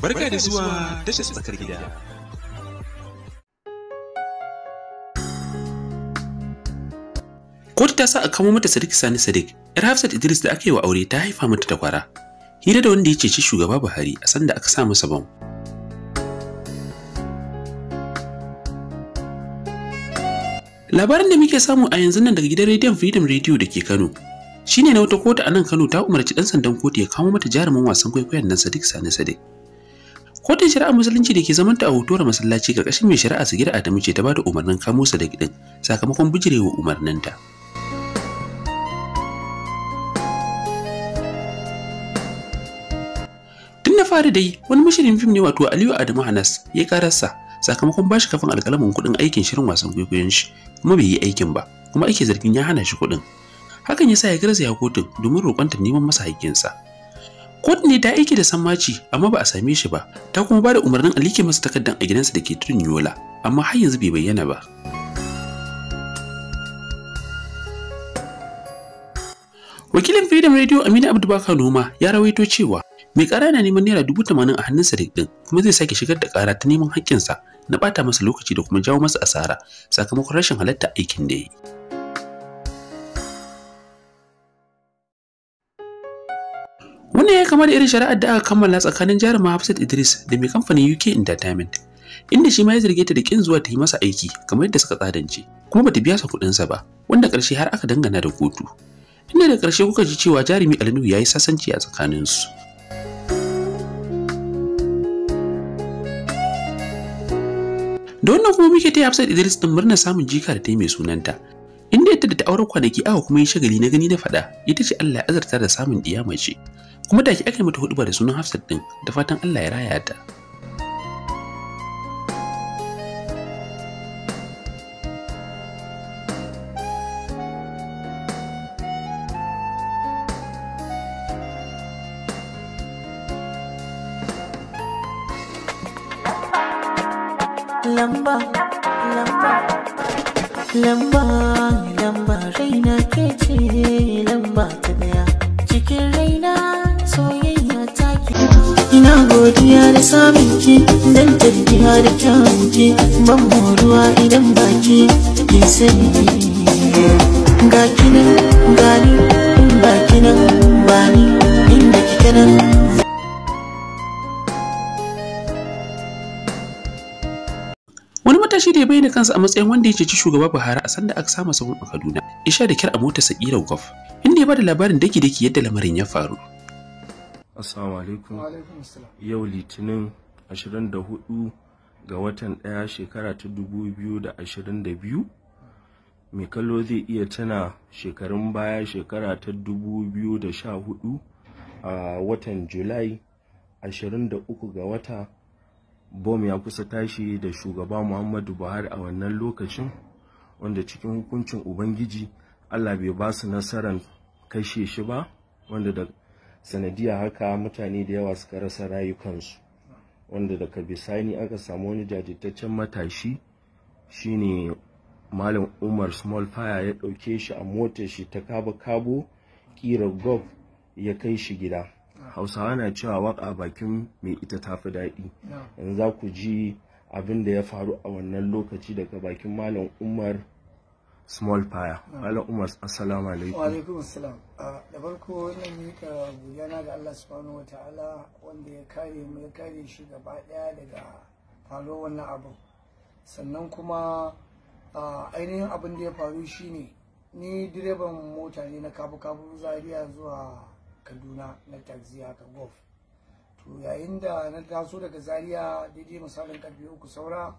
Barka da zuwa tashar tsakar gida. Kotu ta sa a kamo mata Sadiq Sani Sadiq, ‘yar Hafsat Idris da aka yi wa aure ta haifa mata takwara. Hira da wanda ya ceci shugaba Buhari a sanda aka sa masa bam. Labarin da muke samu a yanzu nan daga gidan rediyon Freedom Radio da ke Kano shi ne na wata kotu a nan Kano ta umarci ɗan sandan kotu ya kamo mata jarumin wasan kwaikwayon nan Sadiq Sani Sadiq. Kotun shari'a musulunci da ke ta a da masallaci ƙarƙashin mai shari'a su gida Adamu ce ta ba da umarnin kamo sa da gidan sakamakon bijirewa umarnin ta Tun da fari dai wani mashirin fim ne wato Aliyu Adamu Hanas ya kararsa sakamakon bashi kafin alkalamin kuɗin aikin shirin wasan kwaikwayon shi kuma bai yi aikin ba kuma ake zargin ya hana shi kuɗin. Hakan ya sa ya garzaya kotun domin roƙonta neman masa haƙƙinsa. kot ne ta aiki da sammaci amma ba a same shi ba ta kuma ba da umarnin a masa takardan a gidansa da ke tudun yola amma har yanzu bai bayyana ba wakilin freedom radio aminu abdubaka noma ya rawaito cewa mai ƙara na neman naira dubu tamanin a hannun sa ɗin kuma zai sake shigar da kara ta neman haƙƙinsa na ɓata masa lokaci da kuma jawo masa asara sakamakon rashin halatta aikin da ya yi Wannan ya kama da irin shari'ar da aka kammala tsakanin jaruma Hafsat Idris da mai kamfanin UK Entertainment, inda shi ma ya zarge ta da kin zuwa ta yi masa aiki kamar yadda suka tsadance, kuma bata biya sa kuɗinsa ba, wanda ƙarshe har aka dangana da kotu. Inda da ƙarshe kuka ji cewa jarumi Alinu ya yi sasanci a tsakaninsu. Da wannan kuma muke ta yi Hafsat Idris din murna samun jika da ta yi mai sunanta, yadda da auren kwanaki awa kuma yi shagali na gani na faɗa ita ce Allah ya azarta da samun ɗiya mace kuma da aka yi mata hudu da sunan Hafsat din da fatan Allah ya raya ta. Lamba, lamba. Lamba, lamba raina ke ce lamba ta daya. Cikin raina soyayya ta ke. Ina godiya da samun ki, dan tarbiya da kyawun ki, ban moruwa idan baki ki sani. Ga kinan, gani, ba kinan, ba ni, inda kike nan shi da ya bayyana kansa a matsayin wanda ya ceci shugaba Buhari a sanda aka sama sabon a Kaduna. Isha da kyar a mota Sakira Gof. Inda ya bada labarin daki-daki yadda lamarin ya faru. Assalamu alaikum. Yau Litinin 24 ga watan 1 shekara ta 2022 mai kallo zai iya tana shekarun baya shekara ta 2014 a watan Julai 23 ga wata bom ya kusa tashi da shugaba muhammadu buhari a wannan lokacin wanda cikin hukuncin ubangiji allah bai ba su nasarar kashe shi ba wanda da sanadiyar haka mutane da yawa suka rasa rayukansu wanda daga bisani aka samu wani jajitaccen matashi shine malam umar small fire ya dauke shi a motar shi ta kabo-kabo ƙira Gov ya kai shi gida hausawa na cewa waka bakin mai ita tafi daɗi yanzu za ku ji abin da ya faru a wannan lokaci daga bakin malam umar small fire malam umar assalamu alaikum wa alaikum assalam ah, da farko ina mika gudana ga Allah subhanahu wataala wanda ya kare mu kare shi gaba ɗaya daga faruwar wannan abu sannan kuma ah, ainihin abin da ya faru shine ni direban mota ne na kabu kabu zaria zuwa kaduna na taxiya ta golf to yayin da na taso daga zaria daidai misalin karfe uku saura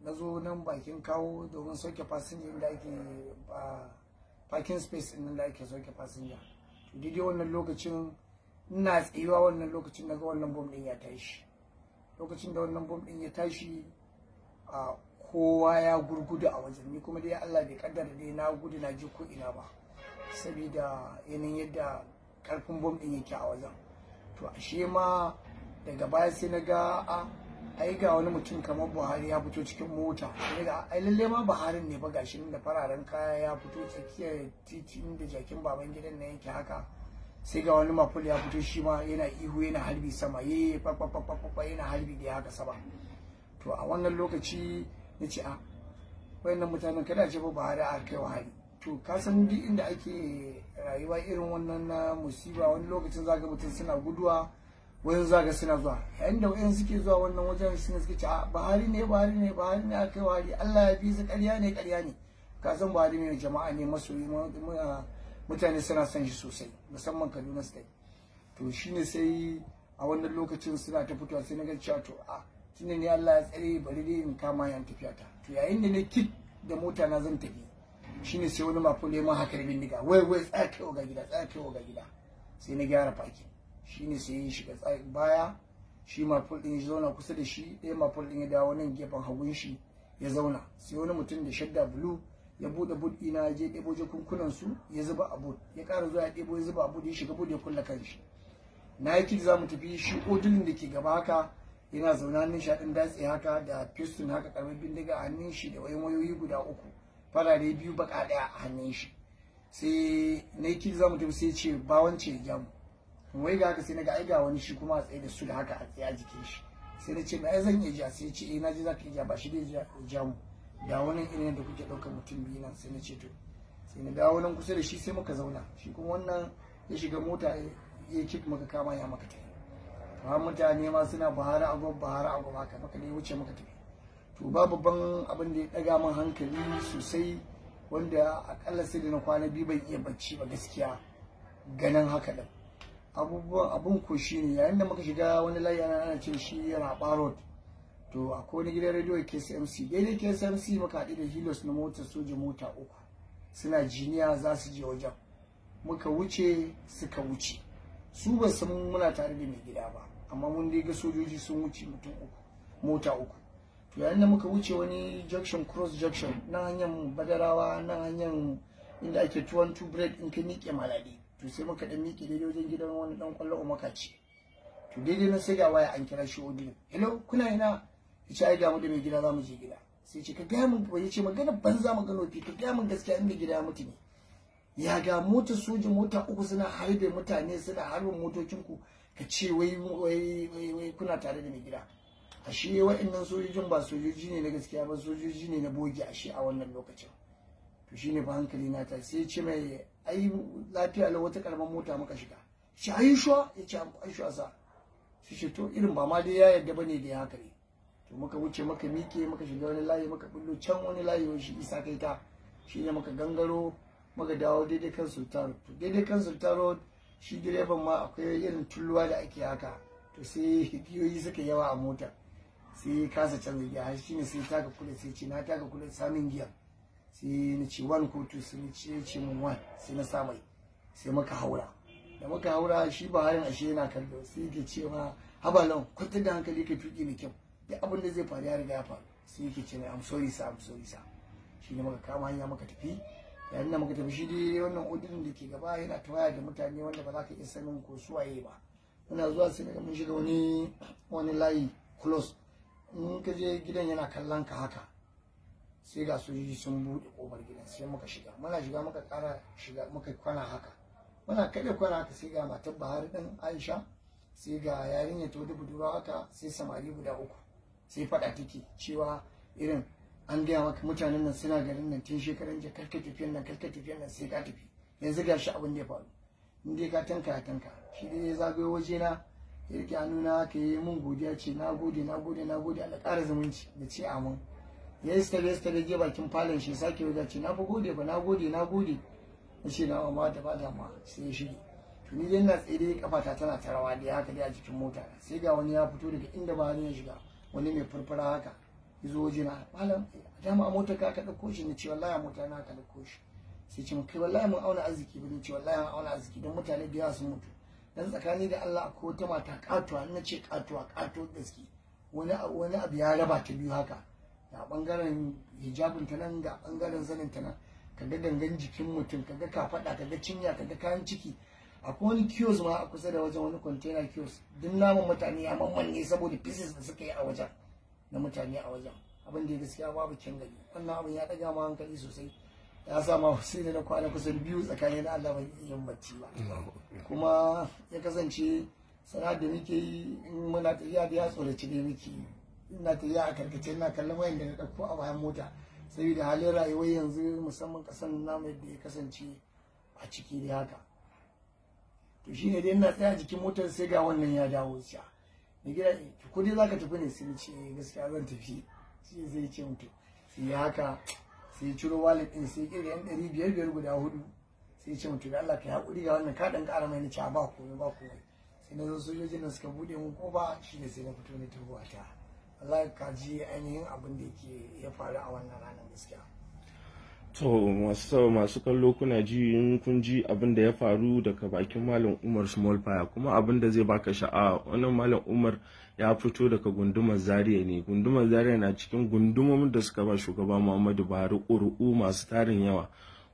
na zo nan bakin kawo domin sauke fasinja inda ake parking space inda ake sauke fasinja to daidai wannan lokacin ina tsayuwa wannan lokacin na ga wannan bom din ya tashi lokacin da wannan bom din ya tashi a kowa ya gurgudu a wajen ni kuma dai Allah bai kaddara dai na gudu na ji ko ina ba sabida yanayin yadda karfin bom din yake a wajen to ashe ma daga baya sai na ga a ai ga wani mutum kamar buhari ya fito cikin mota sai ga ai lalle ma buharin ne ba gashi da fararen kaya ya fito tsakiyar titi inda jakin baban gidan nan yake haka sai ga wani maful ya fito shi ma yana ihu yana harbi sama ye pa yana harbi da haka sama to a wannan lokaci na a wayannan mutanen kada ce ba buhari a kai wahayi to ka san duk inda ake rayuwa irin wannan na musiba wani lokacin zaga mutum suna guduwa wani zaga suna zuwa yayin da wayan suke zuwa wannan wajen suna suke ce a bahari ne bahari ne bahari ne akai wari Allah ya bi su ƙarya ne ƙarya ne ka san bahari ne jama'a ne masoyi mutane suna son shi sosai musamman Kaduna state to shine sai a wannan lokacin suna ta fitowa sai na ga cewa to a tunda ne Allah ya tsare bari dai in kama yan tafiya ta to yayin da ne kit da mota na zan tafi shine sai wani mafule man haka bindiga wai wai tsaya ga gida tsaya ga gida sai na gyara fakin shine sai yin shiga baya shi maful din ya zauna kusa da shi ɗaya maful din ya dawo nan gefen hagun shi ya zauna sai wani mutum da shadda bulu ya buɗe bud na ya je ɗebo jakunkunan su ya zuba a ya ƙara zuwa ya ɗebo ya zuba a bud ya shiga bud ya kan shi. na yi kiri za mu tafi shi odulin da ke gaba haka yana zauna nan a datse haka da piston haka ƙarfin bindiga a hannun shi da wayan wayoyi guda uku farare biyu baka daya a hannun shi sai na yi za mu tafi sai ce ba wance ya mu wai ga haka sai na ga aiga wani shi kuma a tsaye da su da haka a tsaye a jikin shi sai na ce ai zan iya ja sai ce eh na ji za ka iya ba shi dai ja mu da wani irin da kuke ɗaukar mutum biyu nan sai na ce to sai na dawo nan kusa da shi sai muka zauna shi kuma wannan ya shiga mota ya kik maka kama ya maka tafi mutane ma suna bahara agob bahara agob haka maka ne wuce maka tafi to babu babban abin da ya daga min hankali sosai wanda akalla sai da na kwana biyu bai iya bacci ba gaskiya ganin haka ɗin abubuwan abun ko shi ne yayin da muka shiga wani layi ana ana ce shi yana road to akwai wani gidan rediyo KSMC daidai KSMC muka haɗu da hilos na mota soja mota uku suna jiniya za su je wajen muka wuce suka wuce su ba san muna tare da mai gida ba amma mun dai ga sojoji sun wuce mutum uku mota uku yayin da muka wuce wani junction cross junction nan hanyar badarawa nan hanyar inda ake tuwon two in ka miƙe malade to sai muka dan miƙe daidai wajen gidan wani dan kwallo makaci to daidai na sai ga waya an kira shi odin hello kuna ina yace ai ga mu da mai gida zamu je gida sai ce ka ga mun ba yace magana mu magana fi ka ga mun gaskiya inda gida mutu ne ya ga mota soji mota uku suna harbe mutane suna harbin ku. ka ce wai wai wai kuna tare da mai gida ashe waɗannan sojojin ba sojoji ne na gaskiya ba sojoji ne na bogi ashe a wannan lokacin to shine ba hankali na ta sai ce mai ai lafiya la wata karamar mota muka shiga shi ai shuwa ya ce an shuwa sa shi ce to irin ba ma dai ya yarda bane da ya haka ne to muka wuce muka mike muka shiga wani layi muka bullo can wani layi shi isa kai ta shine muka gangaro muka dawo daidai kan sultan to daidai kan sultan road shi direban ma akwai irin tulluwa da ake haka to sai giyoyi suka yawa a motar sai kasa canza giya har shine sai taka kula sai ce na taka kula samin giya sai ni ce one ko two sai ni ce ce mun one sai na sa mai sai muka haura da muka haura shi ba baharin ashe yana kallo sai yake cewa nan kwantar da hankali ka tuki ni kyau duk abin da zai faru ya riga ya faru sai yake ce mai amsori sa amsori sa shi ne muka kama hanya muka tafi yayin da muka tafi shi dai wannan odin da ke gaba yana tawaya da mutane wanda ba za ka iya sanin ko suwaye ba muna zuwa sai mun shiga wani wani layi close in ka je gidan yana kallon ka haka sai ga sojoji sun buɗe ƙofar gidan sai muka shiga muna shiga muka ƙara shiga muka kwana haka muna kaɗe kwana haka sai ga matar bahari ɗin Aisha sai ga yarinya ta wata budurwa haka sai samari guda uku sai faɗa take cewa irin an gaya maka mutanen nan suna garin nan tun shekaran jiya karka tafiyan nan karka tafiyan nan sai ka tafi yanzu ga shi abin da ya faru in dai ka tanka tanka shi dai ya zagayo waje na ya rike hannuna ka yi mun godiya ce na gode na gode na gode Allah ƙara zumunci da ce amin ya yi stare stare je bakin falon shi sake wajen ce na fi gode ba na gode na gode ya ce na amma da ba ma sai ya shige to ni dai na ƙafa ta tana ta rawa da haka dai a cikin mota sai ga wani ya fito daga inda ba ya shiga wani mai farfara haka ya zo waje na malam dama a motar ka aka ɗauko shi ce wallahi a mota na kaɗa ɗauko shi sai ce kai wallahi mun auna arziki ba ni ce wallahi mun auna arziki don mutane da yawa sun mutu Dan tsakani da Allah ko ta mata katuwa na ce katuwa kato gaske wani wani abu ya raba ta biyu haka ga bangaren hijabin ta nan ga bangaren zanin ta nan kaga dangan jikin mutum kaga kafada kaga cinya kaga kayan ciki akwai wani kiosk ma a kusa da wajen wani container kiosk duk naman mutane ya ne saboda pieces da suka yi a wajen na mutane a wajen abin da gaskiya babu can gari wannan abin ya daga ma hankali sosai ya sa ma sai da na kwana kusan biyu tsakanin na Allah ban yin bacci ba kuma ya kasance sana'ar da muke yi in muna tafiya da ya tsoraci ne muke ina tafiya a karkace ina kallon wayan da na ɗauko a bayan mota saboda halin rayuwar yanzu musamman ƙasar namu da ya kasance a ciki da haka to ne dai ina tsaya jikin motar sai ga wannan ya dawo sha ni gida ko dai zaka tafi ne sai ni ce eh, gaskiya zan tafi sai zai ce mutu sai haka sai ciro wallet din sai kire yan ɗari biyar biyar guda hudu sai ya ce mutu da Allah ka hakuri ga wannan kaɗan ƙara mai nace ba komai ba komai sai na zo sojojin da suka buɗe mun kofa shi sai na fito na tabuwa ta Allah ka ji ainihin abin da yake ya faru a wannan ranar gaskiya To masu masu kallo kuna ji in kun ji abin da ya faru daga bakin Malam Umar Small Fire kuma abin da zai baka sha'awa wannan Malam Umar ya fito daga gundumar Zaria ne gundumar Zaria na cikin gundumar da suka ba shugaba Muhammadu Buhari ƙuri'u masu tarin yawa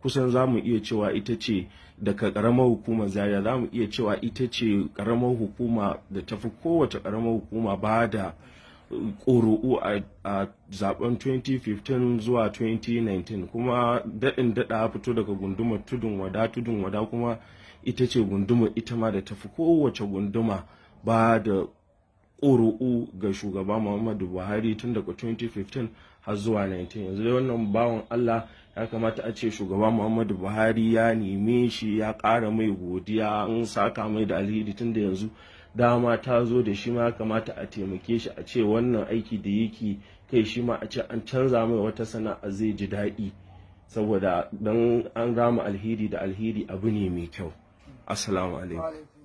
kusan za mu iya cewa ita ce daga ƙaramar hukumar Zaria za mu iya cewa ita ce ƙaramar hukuma da tafi kowace ƙaramar hukuma ba da ƙuru'u a zaben 2015 zuwa 2019 kuma daɗin daɗa fito daga gundumar tudun wada tudun wada kuma ita ce gundumar ita ma da tafi kowace gunduma ba da ƙuru'u ga shugaba muhammadu buhari tun daga 2015 har zuwa 19 yanzu dai wannan bawan allah ya kamata a ce shugaba muhammadu buhari ya neme shi ya ƙara mai godiya an saka mai da alhidi tun da yanzu dama ta zo da shi ma ya kamata a taimake shi a ce wannan aiki da yake kai shi ma a ce an canza mai wata sana'a zai ji daɗi saboda don an rama alheri da alheri abu ne mai kyau assalamu alaikum